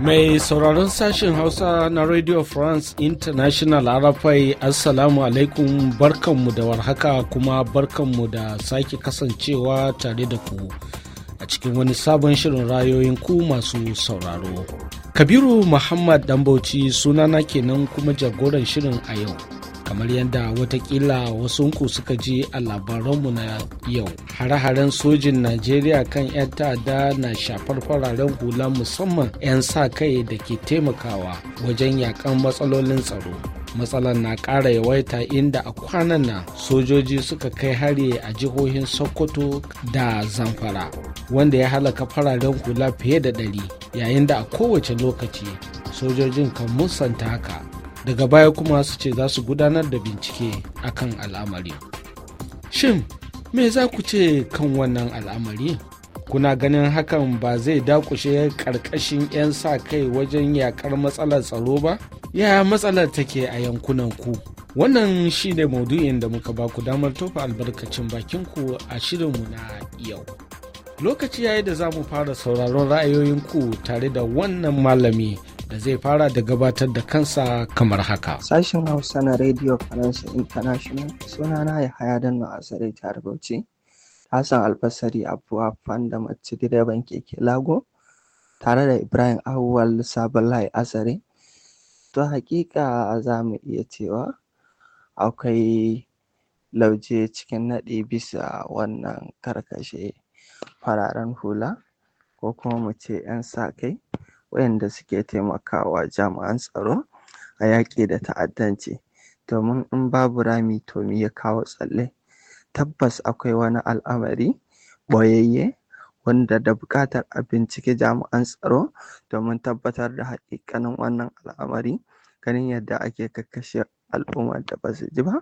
Mai sauraron sashen Hausa na Radio France International Arafai Assalamu alaikum barkanmu da warhaka kuma barkanmu da sake kasancewa tare da ku a cikin wani sabon shirin rayoyin ku masu sauraro. Kabiru Muhammad Dambauci sunana kenan kuma jagoran shirin a yau. kamar yadda watakila wasunku suka ji a labaranmu na yau hare-haren sojin najeriya kan 'yan ta'adda na shafar fararen hula musamman 'yan sa kai da ke taimakawa wajen yakan matsalolin tsaro matsalar na ƙara yawaita inda a kwanan nan sojoji suka kai hari a jihohin sokoto da zamfara wanda ya halaka fararen hula fiye da ɗari yayin da a kowace lokaci sojojin kan musanta haka daga baya kuma su ce za su gudanar da bincike akan al'amari shin me za ku ce kan wannan al'amari kuna ganin hakan ba zai dakushe karkashin 'yan sa kai wajen yakar matsalar tsaro ba ya matsalar take a yankunan ku wannan shi ne maudu'in da muka baku damar tofa albarkacin bakin ku a shirinmu na yau lokaci yayi da za mu fara sauraron ra'ayoyinku tare da wannan malami da zai fara da gabatar da kansa kamar haka. Sashen Hausa na Radio Faransa International suna na ya haya don na asare tare Bauchi. Hassan Alfasari Abuwa da mace direban keke Lago tare da Ibrahim Awuwal Sabalai Asare. To hakika za mu iya cewa akwai lauje cikin naɗi bisa wannan karkashe fararen hula ko kuma mu ce 'yan sa kai. waɗanda suke taimakawa jami'an tsaro a yaƙi da ta'addanci domin in babu rami to me ya kawo tsalle tabbas akwai wani al'amari ɓoyayye wanda da buƙatar a bincike jami'an tsaro domin tabbatar da haƙiƙanin wannan al'amari ganin yadda ake kakkashe al'umma da ba su ji ba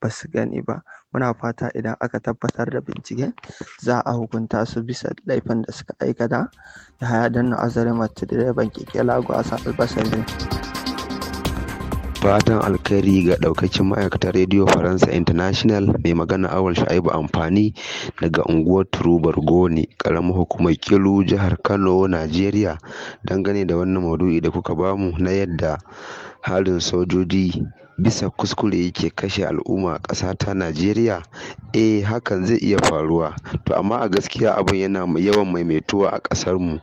ba su gani ba muna fata idan aka tabbatar da binciken za a hukunta su bisa laifin da suka aikata da haya don na azare mace direban keke lagu a albasari fatan alkhairi ga daukacin ma'aikatar radio faransa international mai magana awal sha'ibu amfani daga unguwar turubar goni karamar hukumar kilu jihar kano najeriya dangane da wannan maudu'i da kuka bamu na yadda halin sojoji bisa kuskure yake kashe al'umma a ƙasa ta Najeriya? Eh hakan zai iya faruwa to amma a gaskiya abin yana yawan maimaituwa a ƙasar mu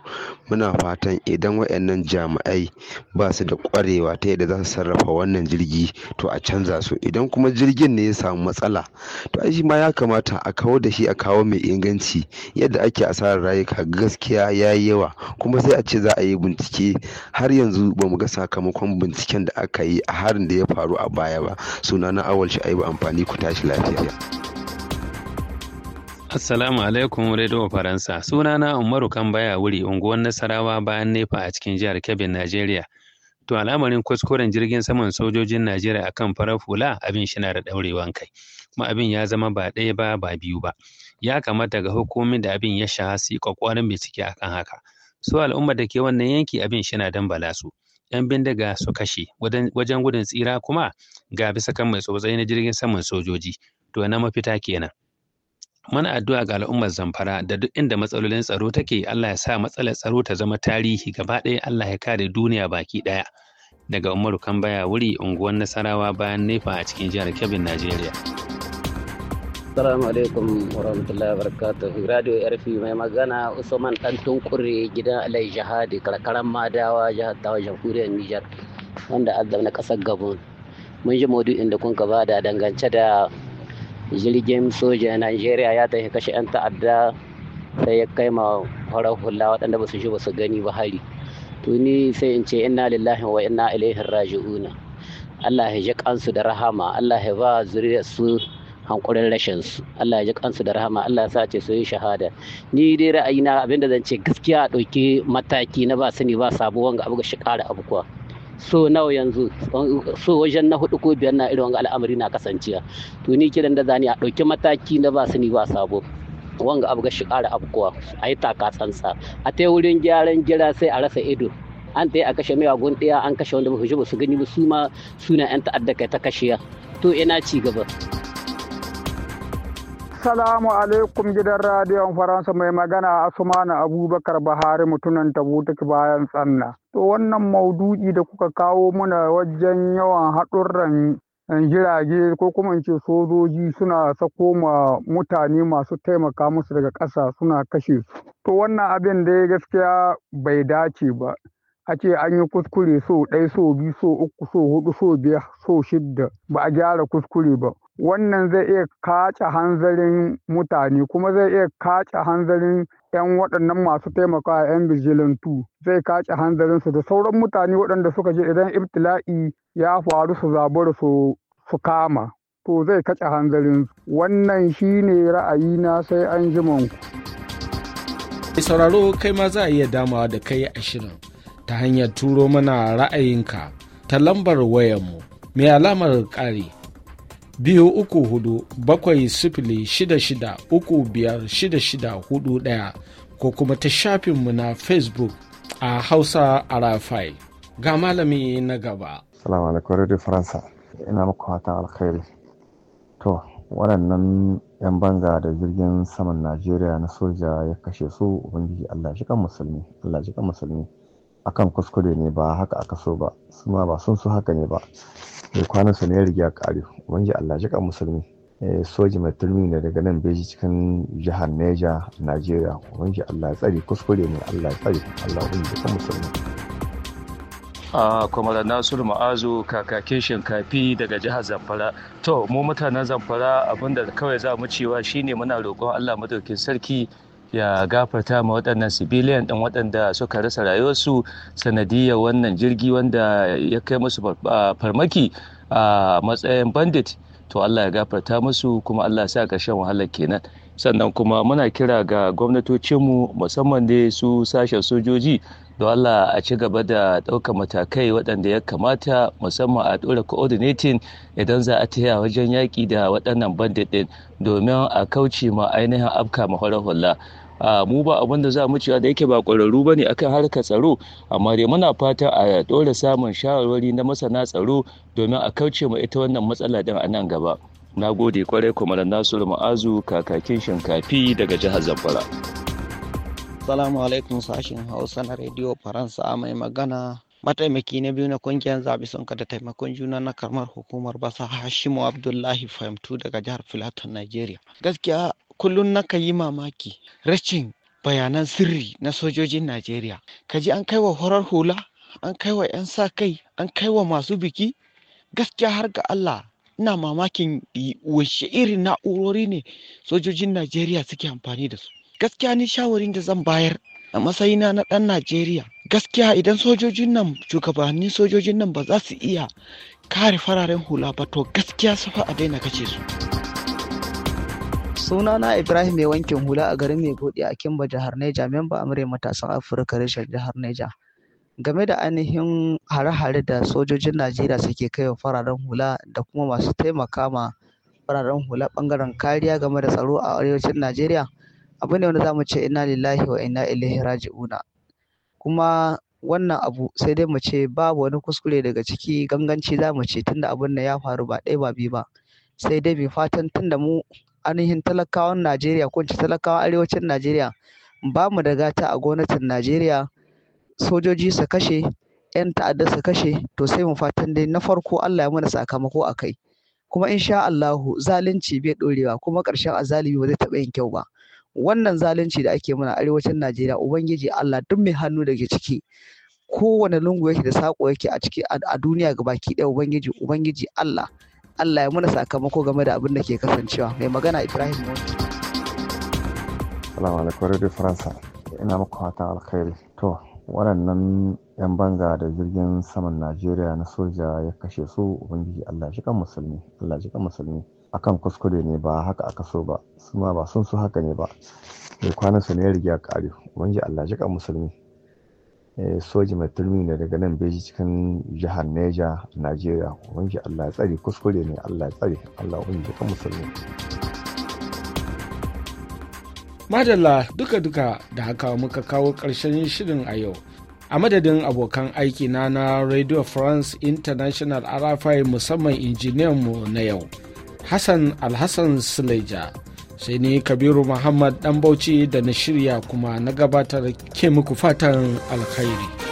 muna fatan idan waɗannan jami'ai ba su da ƙwarewa ta yadda za su sarrafa wannan jirgi to a canza su idan kuma jirgin ne ya samu matsala to ai shi ma ya kamata a kawo da shi a kawo mai inganci yadda ake asarar rayuka gaskiya ya yi yawa kuma sai a ce za a yi bincike har yanzu ba mu ga sakamakon binciken da aka yi a harin da ya faru a baya ba suna na awal ba amfani ku tashi lafiya Assalamu alaikum Radio Faransa. Suna na Umaru Kambaya wuri unguwar Nasarawa bayan Nefa a cikin jihar Kebbi, Najeriya. To al'amarin kuskuren jirgin saman sojojin Najeriya akan farar hula abin shi na da ɗaurewan kai. Kuma abin ya zama ba ɗaya ba ba biyu ba. Ya kamata ga hukumi da abin ya shaha su yi ƙwaƙwarin bincike akan haka. Su al'umma da ke wannan yanki abin shi na dambala su. 'yan bindiga su kashe wajen gudun tsira kuma ga bisa kan mai tsotsai na jirgin saman sojoji to na mafita kenan muna addu'a ga al'ummar zamfara da duk inda matsalolin tsaro take Allah ya sa matsalar tsaro ta zama tarihi gaba ɗaya Allah ya kare duniya baki ɗaya daga Umaru Kambaya wuri unguwar Nasarawa bayan nefa a cikin jihar Kebbi Najeriya. Assalamu alaikum warahmatullahi wabarakatuh. Radio RF mai magana Usman dan tunkure gidan Alai Jihadi karkaran Madawa jihar Tawa jamhuriyar Nijar wanda azzam na kasar Gabon. Mun ji modu da kun gaba da dangance da jirgin soja Najeriya ya tafi kashe 'yan ta'adda sai ya kai ma farar hula waɗanda ba su ji ba su gani ba hari. To ni sai in ce inna lillahi wa inna ilaihi raji'una. Allah ya ji kansu da rahama, Allah ya ba zuriyar su hankurin rashin su Allah ya ji kansu da rahama Allah ya sace ce su yi shahada ni dai ra'ayina abinda zan ce gaskiya a ɗauki mataki na ba su ne ba sabo wanga abu ga shi ƙara abu kuwa so nawa yanzu so wajen na hudu ko biyar na irin wanga al'amari na kasancewa to ni kiran da zani a ɗauki mataki na ba su ne ba sabo wanga abu ga shi ƙara abu kuwa a yi taka tsantsa a ta wurin gyaran gira sai a rasa ido an ta yi a kashe mai wagon ɗaya an kashe wanda ba su gani ba su ma suna 'yan ta'adda kai ta kashiya to ina ci gaba. Assalamu alaikum gidan radiyon Faransa mai magana Asmana Abubakar Bahari mutunan tabu take bayan tsanna. To wannan maududi da kuka kawo muna wajen yawan haɗurran eh, jirage ko kuma ce sojoji suna sako ma mutane masu taimaka musu daga ƙasa suna kashe su. To wannan abin da ya gaskiya bai dace ba. a ce an yi kuskure so ɗaya so biyu so uku so hudu so biyar so shidda ba a gyara kuskure ba wannan zai iya kace hanzarin mutane kuma zai iya kace hanzarin 'yan waɗannan masu taimakawa 'yan bijilantu zai kace su da sauran mutane waɗanda suka je idan ibtila'i ya faru su zabar su su kama to zai kace hanzarin su. wannan shine ra'ayina sai an ji manku. sauraro kai ma za a iya damawa da kai a shirin ta hanyar turo mana ra'ayinka ta lambar wayarmu mai alamar ƙari biyu uku hudu bakwai sifili shida shida uku biyar shida shida hudu ɗaya ko kuma ta shafinmu na facebook a hausa arafai ga malami na gaba. salamu alaikum radio faransa ina muku hata alkhairi to waɗannan 'yan banga da jirgin saman najeriya na soja ya kashe su ubangiji allah shi kan musulmi allah shi kan musulmi akan kuskure ne ba haka aka so ba su ma ba sun su haka ne ba Mai eh, kwanan sa ne ya riga kare ubangi Allah ji kan musulmi eh, soji mai turmi ne daga nan beji cikin jihar Neja Najeriya ubangi Allah ya tsare kuskure ne Allah ya tsare Allah ubangi kan musulmi a ah, kwamara nasiru ma'azu kakakin shinkafi daga jihar zamfara to mu mutanen zamfara abinda kawai za mu cewa shine muna roƙon allah madaukin sarki ya gafarta ma waɗannan civilian ɗin waɗanda suka rasa rayuwarsu sanadiyar wannan jirgi wanda ya kai musu farmaki a matsayin bandit to Allah ya gafarta musu kuma Allah ya sa ƙarshen wahalar kenan sannan kuma muna kira ga gwamnatocinmu musamman ne su sashen sojoji don Allah a ci gaba da ɗaukar matakai waɗanda ya kamata musamman a ɗora coordinating idan za a taya wajen yaƙi da waɗannan bandit ɗin domin a kauce ma ainihin afka mahorar hula mu ba abin da za mu cewa da yake ba ƙwararru ba ne akan harkar tsaro amma dai muna fata a ɗora samun shawarwari na masana tsaro domin a kauce ma ita wannan matsala din a nan gaba na gode kwarai kwamarar nasiru ma'azu kakakin shinkafi daga jihar zamfara Salamu alaikum sashen Hausa na Radio Faransa mai magana mataimaki na biyu na kungiyar zabi sun da taimakon juna na karamar hukumar basa Hashimu Abdullahi Fahimtu daga jihar Filato Najeriya. Gaskiya kullum na ka yi mamaki rashin bayanan sirri na sojojin najeriya Ka ji an kai wa horar hula an kai wa 'yan sa kai an kai wa masu biki gaskiya har ga allah ina mamakin washe irin na'urori ne sojojin najeriya suke amfani da su gaskiya ni shawarin da zan bayar a matsayina na ɗan najeriya gaskiya idan sojojin nan shugabannin sojojin nan ba za su iya kare fararen hula ba to gaskiya su fa a daina kace su. Suna na ibrahim mai wankin hula a garin mai bude a kimba jihar neja memba amurya matasan afirka reshen jihar neja game da ainihin hare-hare da sojojin najeriya suke kai wa fararen hula da kuma masu taimaka ma fararen hula bangaren kariya game da tsaro a arewacin najeriya abu ne wanda zamu ce inna lillahi wa inna ilaihi raji'una kuma wannan abu sai dai mu ce babu wani kuskure daga ciki ganganci zamu ce tunda abun nan ya faru ba ɗaya ba biyu ba sai dai mu fatan tunda mu ainihin talakawan Najeriya ko in ce talakawan arewacin Najeriya ba mu da gata a gwamnatin Najeriya sojoji su kashe ƴan ta'adda su kashe to sai mu fatan dai na farko Allah ya mana sakamako a kai kuma insha Allahu zalunci bai dorewa kuma ƙarshen azzalumi ba zai taɓa yin kyau ba wannan zalunci da ake mana arewacin Najeriya ubangiji Allah duk mai hannu da ciki kowane lungu yake da saƙo yake a ciki a duniya gabaki ɗaya ubangiji ubangiji Allah Allah ya muna sakamako game da abin da ke kasancewa mai magana Ibrahim Mota Salamu alaikum Radio Faransa ina muku fatan alkhairi to waɗannan 'yan banga da jirgin saman Najeriya na soja ya kashe su ubangiji Allah shi kan musulmi Allah shi kan musulmi akan kuskure ne ba haka aka so ba su ma ba sun su haka ne ba mai kwanan su ne ya riga kare ubangiji Allah shi kan musulmi Eh, soji mai turmi ne daga nan beji cikin jihar neja najeriya ubangiji allah ya tsari kuskure ne allah ya tsari allah wani kan musulmi madalla duka-duka da haka muka kawo ƙarshen shirin a yau a madadin abokan aiki na na radio france international arafai musamman injiniyanmu na yau hassan alhassan suleja sai ni kabiru muhammad dan bauchi da na shirya kuma na gabatar ke muku fatan alkhairi